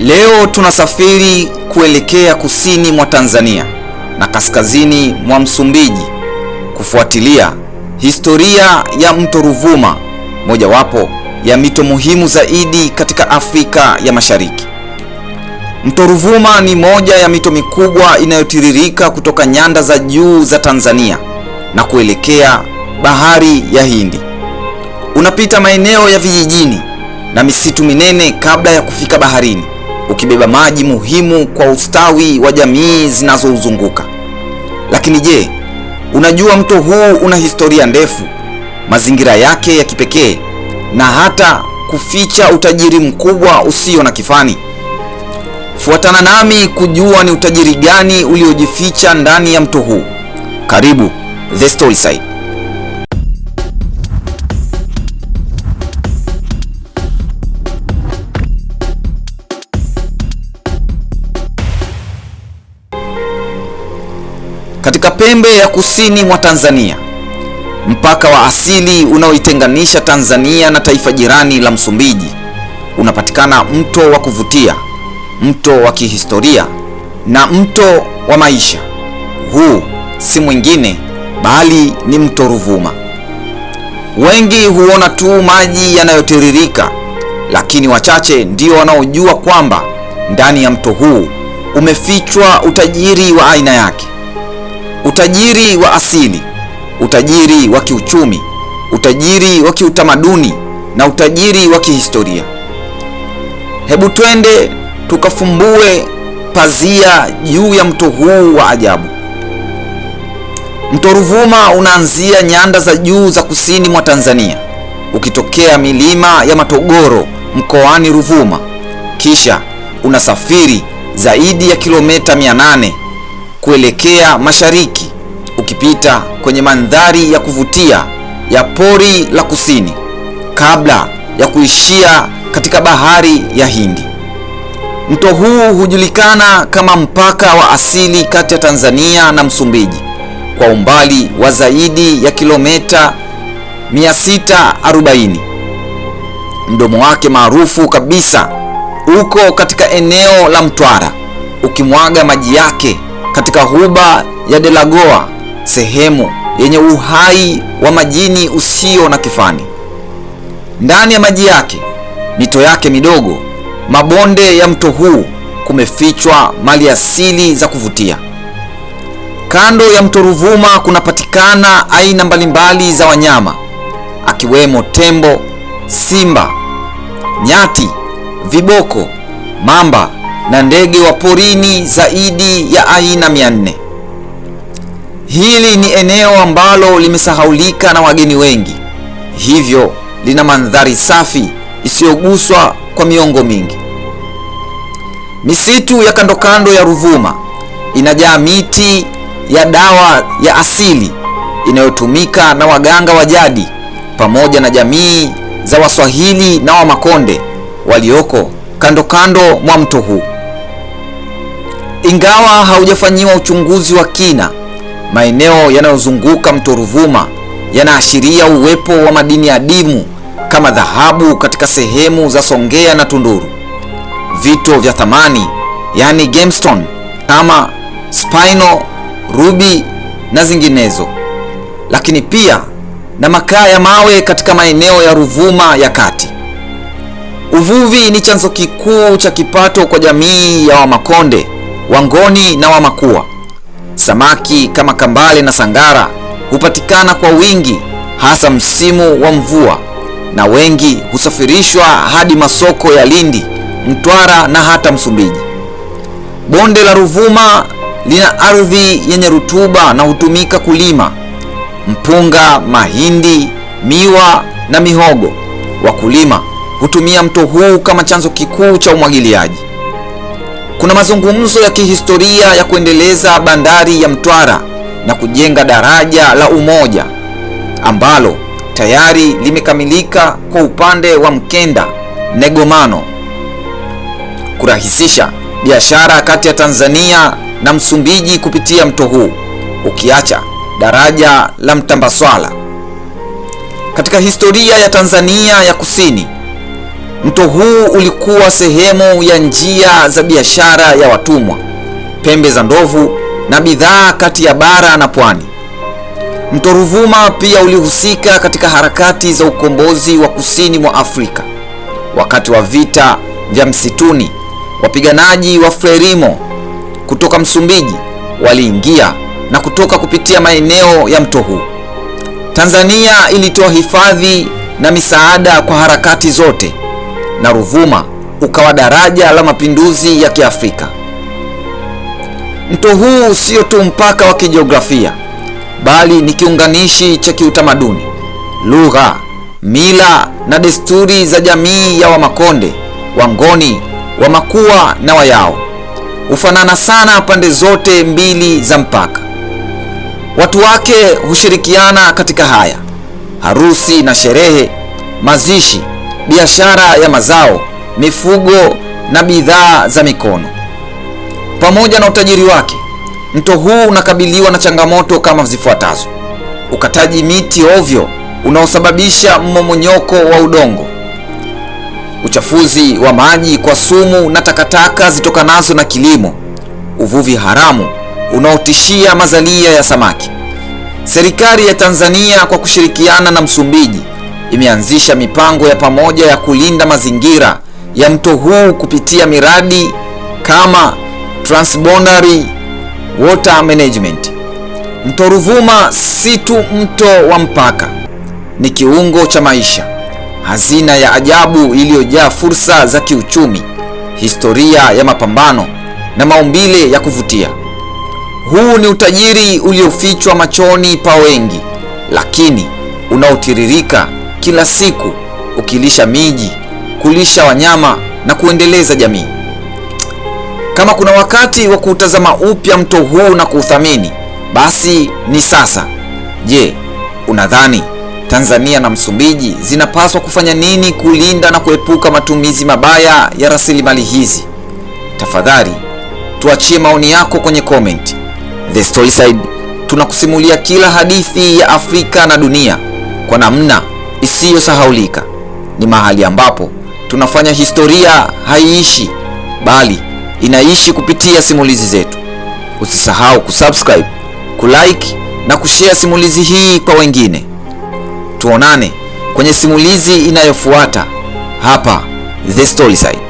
Leo tunasafiri kuelekea kusini mwa Tanzania na kaskazini mwa Msumbiji kufuatilia historia ya mto Ruvuma, mojawapo ya mito muhimu zaidi katika Afrika ya Mashariki. Mto Ruvuma ni moja ya mito mikubwa inayotiririka kutoka nyanda za juu za Tanzania na kuelekea Bahari ya Hindi. Unapita maeneo ya vijijini na misitu minene kabla ya kufika baharini ukibeba maji muhimu kwa ustawi wa jamii zinazouzunguka. Lakini je, unajua mto huu una historia ndefu, mazingira yake ya kipekee na hata kuficha utajiri mkubwa usio na kifani? Fuatana nami kujua ni utajiri gani uliojificha ndani ya mto huu. Karibu The Storyside. katika pembe ya kusini mwa Tanzania, mpaka wa asili unaoitenganisha Tanzania na taifa jirani la Msumbiji, unapatikana mto wa kuvutia, mto wa kihistoria na mto wa maisha. Huu si mwingine bali ni mto Ruvuma. Wengi huona tu maji yanayotiririka, lakini wachache ndio wanaojua kwamba ndani ya mto huu umefichwa utajiri wa aina yake utajiri wa asili, utajiri wa kiuchumi, utajiri wa kiutamaduni na utajiri wa kihistoria. Hebu twende tukafumbue pazia juu ya mto huu wa ajabu. Mto Ruvuma unaanzia nyanda za juu za kusini mwa Tanzania ukitokea milima ya Matogoro mkoani Ruvuma, kisha unasafiri zaidi ya kilomita 800 kuelekea mashariki, ukipita kwenye mandhari ya kuvutia ya pori la kusini kabla ya kuishia katika bahari ya Hindi. Mto huu hujulikana kama mpaka wa asili kati ya Tanzania na Msumbiji kwa umbali wa zaidi ya kilomita 640. Mdomo wake maarufu kabisa uko katika eneo la Mtwara, ukimwaga maji yake katika ghuba ya Delagoa, sehemu yenye uhai wa majini usio na kifani. Ndani ya maji yake, mito yake midogo, mabonde ya mto huu, kumefichwa mali asili za kuvutia. Kando ya mto Ruvuma kunapatikana aina mbalimbali za wanyama akiwemo tembo, simba, nyati, viboko, mamba na ndege wa porini zaidi ya aina 400. Hili ni eneo ambalo limesahaulika na wageni wengi, hivyo lina mandhari safi isiyoguswa kwa miongo mingi. Misitu ya kando kando ya Ruvuma inajaa miti ya dawa ya asili inayotumika na waganga wa jadi pamoja na jamii za Waswahili na Wamakonde walioko kando kando mwa mto huu. Ingawa haujafanyiwa uchunguzi wa kina, maeneo yanayozunguka mto Ruvuma yanaashiria uwepo wa madini adimu kama dhahabu katika sehemu za Songea na Tunduru. Vito vya thamani yaani gemstone kama spino, rubi na zinginezo, lakini pia na makaa ya mawe katika maeneo ya Ruvuma ya kati. Uvuvi ni chanzo kikuu cha kipato kwa jamii ya Wamakonde. Wangoni na Wamakua. Samaki kama kambale na sangara hupatikana kwa wingi hasa msimu wa mvua na wengi husafirishwa hadi masoko ya Lindi, Mtwara na hata Msumbiji. Bonde la Ruvuma lina ardhi yenye rutuba na hutumika kulima mpunga, mahindi, miwa na mihogo. Wakulima hutumia mto huu kama chanzo kikuu cha umwagiliaji. Kuna mazungumzo ya kihistoria ya kuendeleza bandari ya Mtwara na kujenga daraja la Umoja ambalo tayari limekamilika kwa upande wa Mkenda Negomano, kurahisisha biashara kati ya Tanzania na Msumbiji kupitia mto huu, ukiacha daraja la Mtambaswala. Katika historia ya Tanzania ya Kusini Mto huu ulikuwa sehemu ya njia za biashara ya watumwa, pembe za ndovu na bidhaa kati ya bara na pwani. Mto Ruvuma pia ulihusika katika harakati za ukombozi wa kusini mwa Afrika. Wakati wa vita vya msituni, wapiganaji wa Frelimo kutoka Msumbiji waliingia na kutoka kupitia maeneo ya mto huu. Tanzania ilitoa hifadhi na misaada kwa harakati zote na Ruvuma ukawa daraja la mapinduzi ya Kiafrika. Mto huu sio tu mpaka wa kijiografia, bali ni kiunganishi cha kiutamaduni, lugha, mila na desturi za jamii ya Wamakonde, Wangoni, Wamakua na Wayao. Hufanana sana pande zote mbili za mpaka. Watu wake hushirikiana katika haya: harusi na sherehe, mazishi biashara ya mazao, mifugo na bidhaa za mikono. Pamoja na utajiri wake, mto huu unakabiliwa na changamoto kama zifuatazo: ukataji miti ovyo unaosababisha mmomonyoko wa udongo, uchafuzi wa maji kwa sumu na takataka zitokanazo na kilimo, uvuvi haramu unaotishia mazalia ya samaki. Serikali ya Tanzania kwa kushirikiana na Msumbiji imeanzisha mipango ya pamoja ya kulinda mazingira ya mto huu kupitia miradi kama Transboundary Water Management. Mto Ruvuma si tu mto wa mpaka, ni kiungo cha maisha, hazina ya ajabu iliyojaa fursa za kiuchumi, historia ya mapambano na maumbile ya kuvutia. Huu ni utajiri uliofichwa machoni pa wengi, lakini unaotiririka kila siku ukilisha miji, kulisha wanyama na kuendeleza jamii. Kama kuna wakati wa kuutazama upya mto huu na kuuthamini, basi ni sasa. Je, unadhani Tanzania na Msumbiji zinapaswa kufanya nini kulinda na kuepuka matumizi mabaya ya rasilimali hizi? Tafadhali tuachie maoni yako kwenye comment. The Storyside tunakusimulia kila hadithi ya Afrika na dunia kwa namna isiyosahaulika. Ni mahali ambapo tunafanya historia haiishi, bali inaishi kupitia simulizi zetu. Usisahau kusubscribe, kulike na kushare simulizi hii kwa wengine. Tuonane kwenye simulizi inayofuata hapa The Storyside.